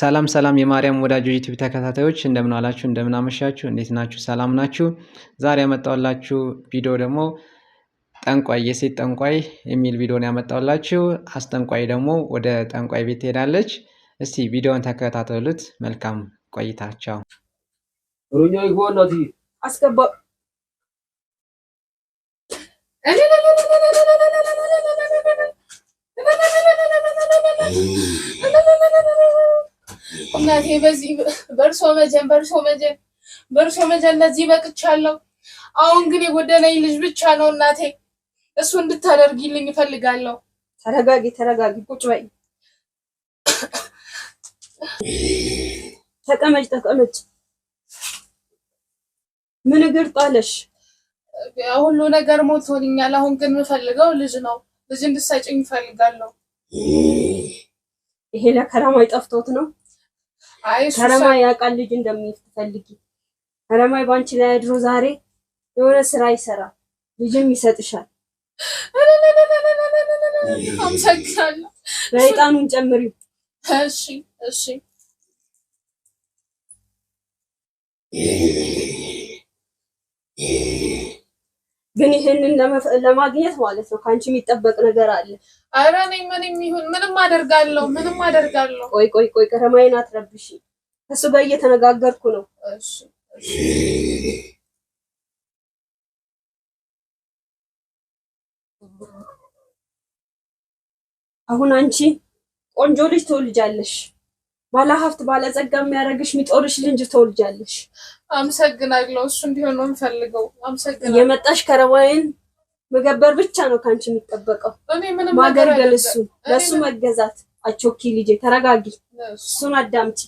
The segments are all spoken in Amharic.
ሰላም ሰላም የማርያም ወዳጆች ዩቲዩብ ተከታታዮች እንደምን አላችሁ? እንደምን አመሻችሁ? እንዴት ናችሁ? ሰላም ናችሁ? ዛሬ ያመጣውላችሁ ቪዲዮ ደግሞ ጠንቋይ፣ የሴት ጠንቋይ የሚል ቪዲዮ ነው ያመጣውላችሁ አስጠንቋይ ደግሞ ወደ ጠንቋይ ቤት ትሄዳለች። እስቲ ቪዲዮውን ተከታተሉት። መልካም ቆይታቸው። እናቴ በዚህ በእርሶ መጀን በእርሶ መጀን በእርሶ መጀን ለዚህ በቅቻለሁ። አሁን ግን የጎደለኝ ልጅ ብቻ ነው እናቴ፣ እሱ እንድታደርጊልኝ እፈልጋለሁ። ተረጋጊ፣ ተረጋጊ፣ ቁጭ በይ፣ ተቀመጭ፣ ተቀመጭ። ምን እግር ጣለሽ? ሁሉ ነገር ሞቶልኛል። አሁን ግን የምፈልገው ልጅ ነው። ልጅ እንድትሰጭኝ እፈልጋለሁ። ይሄ ለከራማይ ጠፍቶት ነው። ከረማይ ያውቃል ልጅ እንደምትፈልጊ ከረማይ ባንቺ ላይ አድሮ ዛሬ የሆነ ስራ ይሰራል፣ ልጅም ይሰጥሻል። በዕጣኑን ጨምሪው። እሺ፣ እሺ። Yeah. ግን ይህንን ለማግኘት ማለት ነው ከአንቺ የሚጠበቅ ነገር አለ። ኧረ እኔ ምንም ምንም አደርጋለሁ፣ ምንም አደርጋለሁ። ቆይ ቆይ ቆይ ከረማይን አትረብሽ። ከሱ ጋር እየተነጋገርኩ ነው። አሁን አንቺ ቆንጆ ልጅ ትወልጃለሽ። ባለሀብት ባለጸጋ የሚያደርግሽ የሚጦርሽ ልጅ ትወልጃለሽ። አመሰግናለሁ። እሱ እንዲሆን ነው የምፈልገው። አመሰግናለሁ። የመጣሽ ከረባይን መገበር ብቻ ነው ከአንቺ የሚጠበቀው፣ ማገልገል፣ እሱ ለእሱ መገዛት። አቾኪ ልጄ ተረጋጊ፣ እሱን አዳምጪ።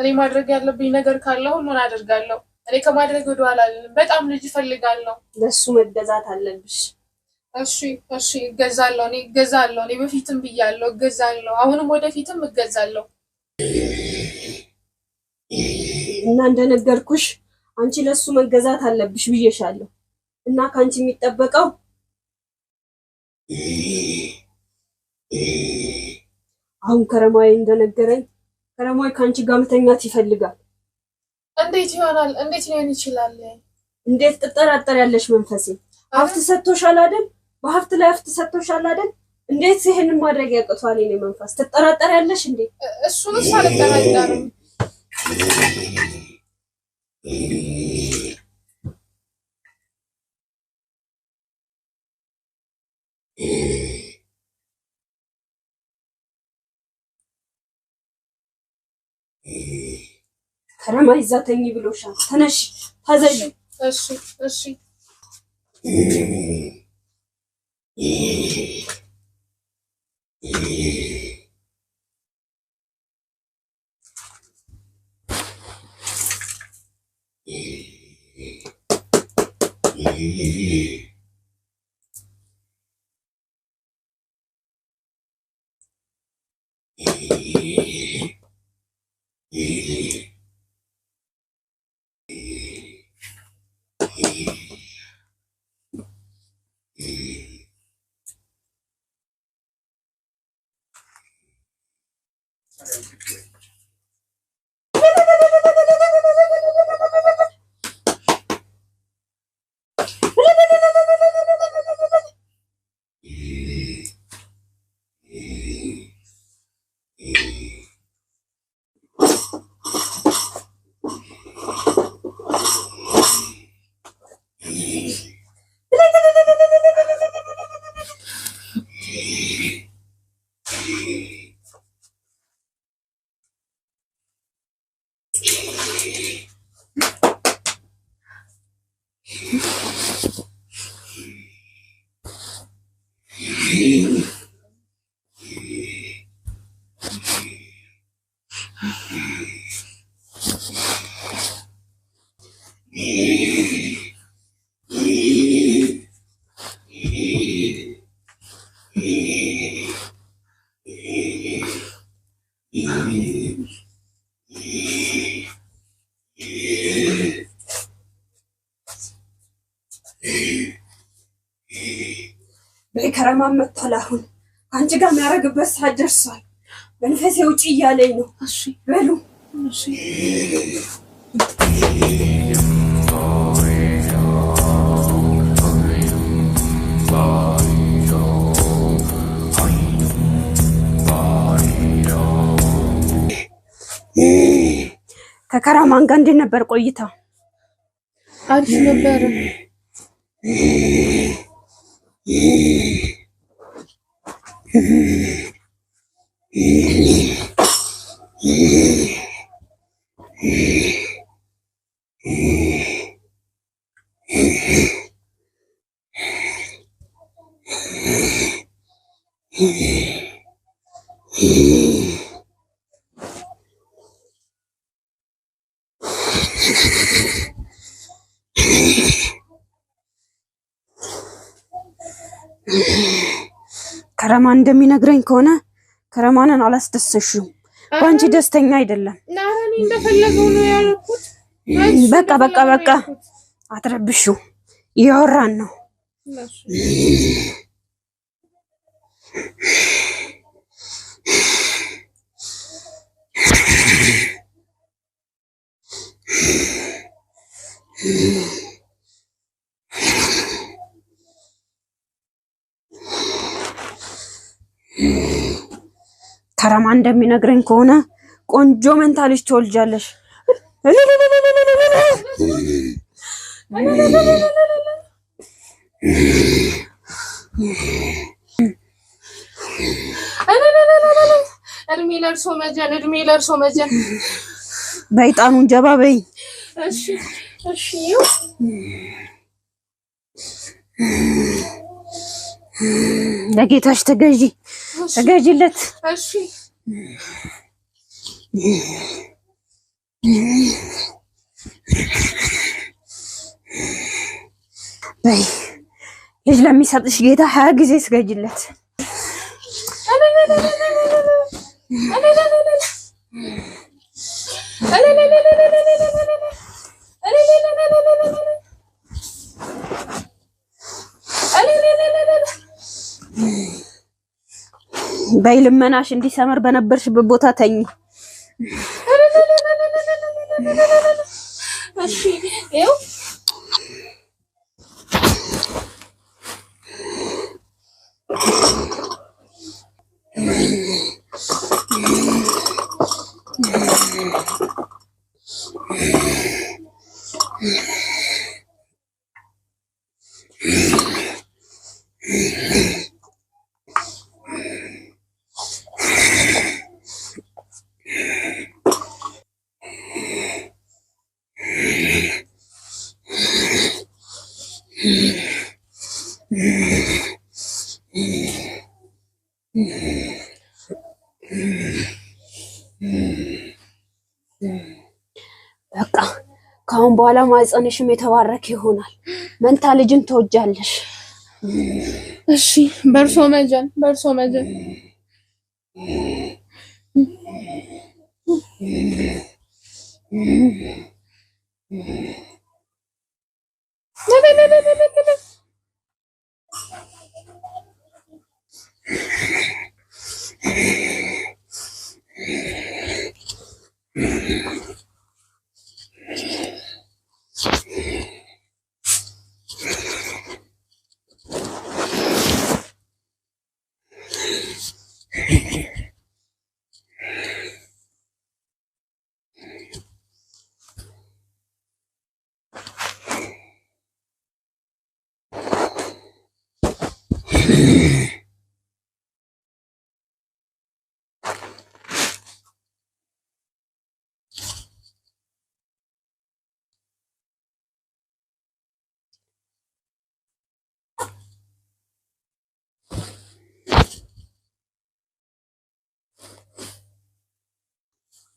እኔ ማድረግ ያለብኝ ነገር ካለ ሁሉን አደርጋለሁ። እኔ ከማድረግ ወደኋላ አልልም። በጣም ልጅ እፈልጋለሁ። ለእሱ መገዛት አለብሽ። እሺ እሺ፣ እገዛለሁ እኔ እገዛለሁ እኔ በፊትም ብያለሁ እገዛለሁ፣ አሁንም ወደፊትም እገዛለሁ። እና እንደነገርኩሽ አንቺ ለሱ መገዛት አለብሽ ብዬሻለሁ። እና ከአንቺ የሚጠበቀው አሁን ከረማዊ እንደነገረኝ ከረማዊ ከአንቺ ጋር መተኛት ይፈልጋል። እንዴት ይሆናል? እንዴት ሊሆን ይችላል? እንዴት ትጠራጠሪያለሽ? መንፈሴ ሀብት ሰጥቶሻል አይደል? በሀብት ላይ ሀብት ሰጥቶሻል አይደል? እንዴት ይሄን ማድረግ ያቅቷል? የእኔ መንፈስ ያለሽ እንዴ? እሱን አልጠራጠርም። ከረማ ይዛ ተኝ ብሎሻል። ተነሽ ታዘዥ። እሺ እሺ Yeah. えー、えー、えー Hmm. ከረማ መጥቷል። አሁን ከአንቺ ጋር የሚያደርግበት ሰዓት ደርሷል። መንፈሴ ውጭ እያለኝ ነው። በሉ ከከረማን ጋር እንዴት ነበር ቆይታ? አሪፍ ነበር። Yeah. ከረማን እንደሚነግረኝ ከሆነ ከረማንን አላስደሰሽም፣ በአንቺ ደስተኛ አይደለም። በቃ በቃ በቃ አትረብሹ እያወራን ነው። ከረማ እንደሚነግረኝ ከሆነ ቆንጆ መንታ ልጅ ትወልጃለሽ። እድሜ ለእርሶ መጀን፣ እድሜ ለእርሶ መጀን። በይጣኑን ጀባ በይ። ለጌታሽ ተገዢ ዘጋጅለት እሺ በይ ልጅ ለሚሰጥሽ ጌታ ሀያ ጊዜ ስገጅለት። Mm. በይልመናሽ እንዲሰምር በነበርሽበት ቦታ ተኝ። እሺ ከአሁን በኋላ ማህፀንሽም የተባረከ ይሆናል። መንታ ልጅን ተወጃለሽ። እሺ፣ በርሶ መጀን፣ በርሶ መጀን።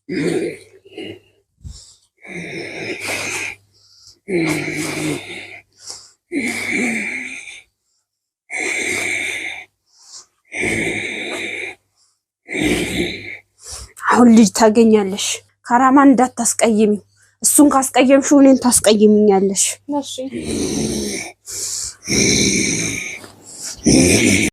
አሁን ልጅ ታገኛለሽ። ካራማ እንዳታስቀይሚ። እሱን ካስቀየምሽ እኔን ታስቀይሚኛለሽ።